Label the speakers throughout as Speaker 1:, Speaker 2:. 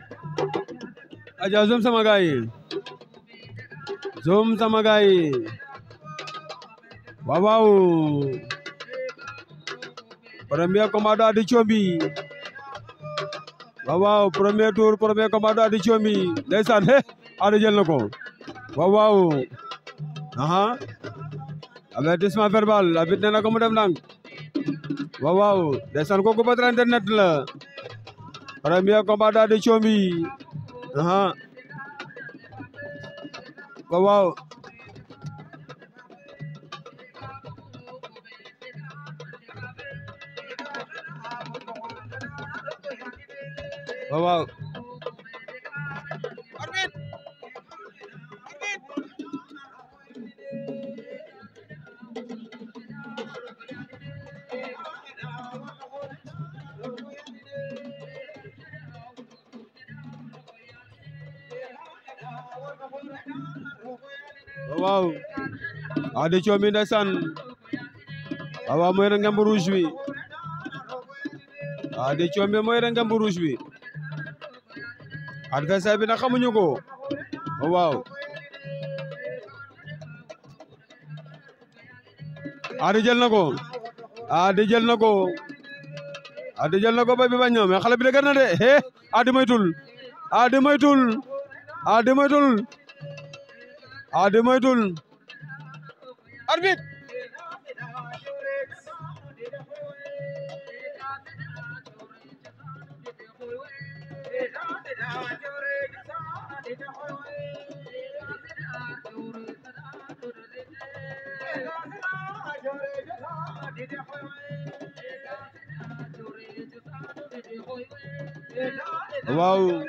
Speaker 1: अच्छा जुम से मंगाई जुम से मंगाई बाबाओ प्रमे कमाडो आदि चोमी बाबाओ प्रमे टूर प्रमे कमाडो आदि चोमी जैसा थे आदि जल लोगों बाबाओ हाँ, हाँ। अबे दिसमा फेरबाल अभी इतने ना कमरे में नंग बाबाओ जैसा को को पत्र इंटरनेट ला Premier combat Daouda Thiomby aha waaw waaw Ady Thiomi ndeysaan waaw waaw mooy ngemb rouge bi Ady Thiomi mooy ngemb rouge bi adversaire bi nag xamuñu ko oh, waaw Ady jël na ko Ady jël na ko Ady jël na ko ba bi bañ ñoom xale bi dëgër na de eh Ady moytul Ademaydul, moytul Wow.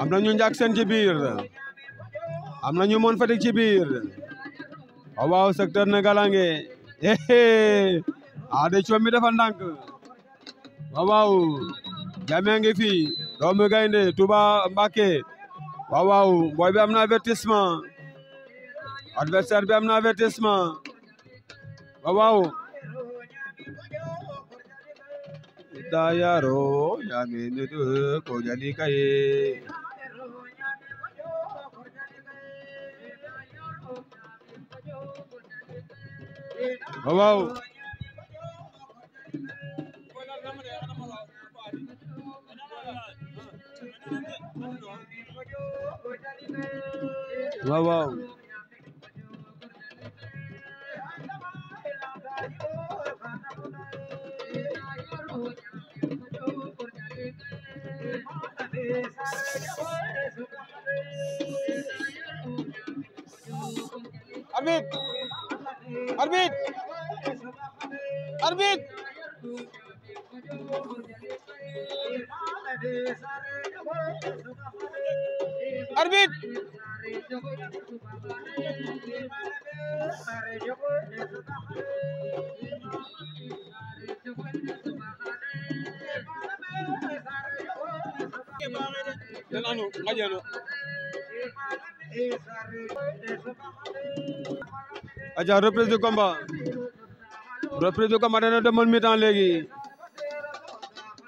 Speaker 1: amna ñu ñak Ndiacksène ci biir amna ñu mon fatik ci biir waaw secteur na galange a de coom bi dafa ndànk waaw waaw Jame ngi fi doomu gaynde Touba Mbacké waaw boy bi amna avertissement adversaire bi amna avertissement waaw waaw
Speaker 2: dayaro
Speaker 1: yame ne ko jali kaye Amit arbitre Tenano, reprise du combat. Reprise du combat dana demoon mi-temps léegi.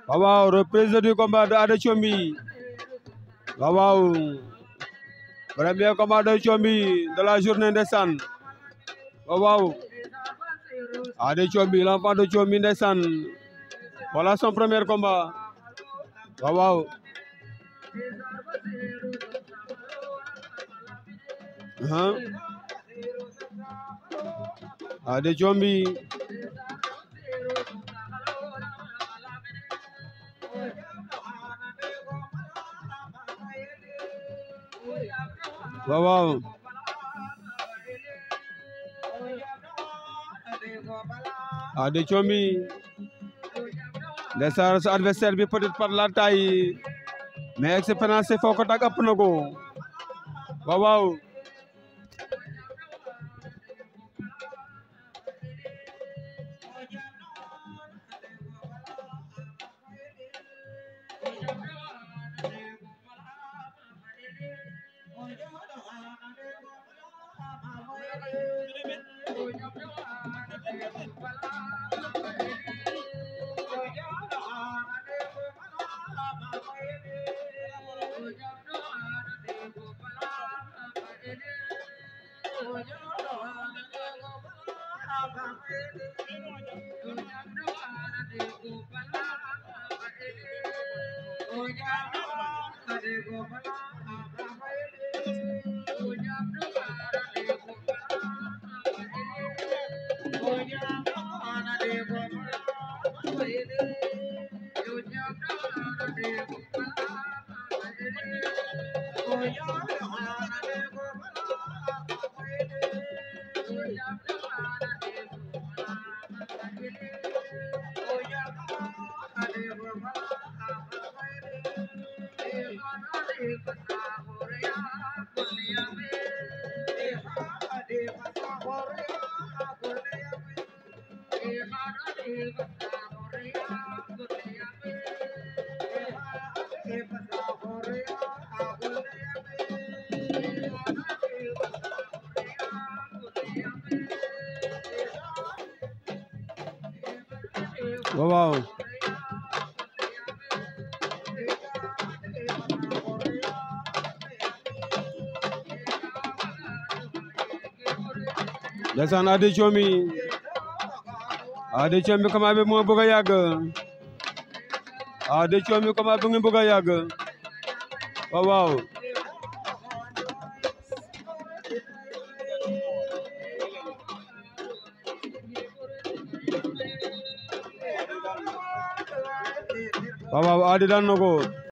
Speaker 1: Waouh, reprise du combat de Ada Waouh, premier combat de Chombi de la journée des Waouh. waaw Ada l'enfant de voilà son premier combat Waouh. Hein? Wow. Adechomi. Desar adversaire bi peut-être par la taille. Mais expérience foko tak apnogo. Wow wow.
Speaker 2: Gopala, Hare Gopala,
Speaker 1: Wow. That's an addition. a ah, de comi combat bëgg a bu a de comi combat bi nga bëgg a yàgg ah,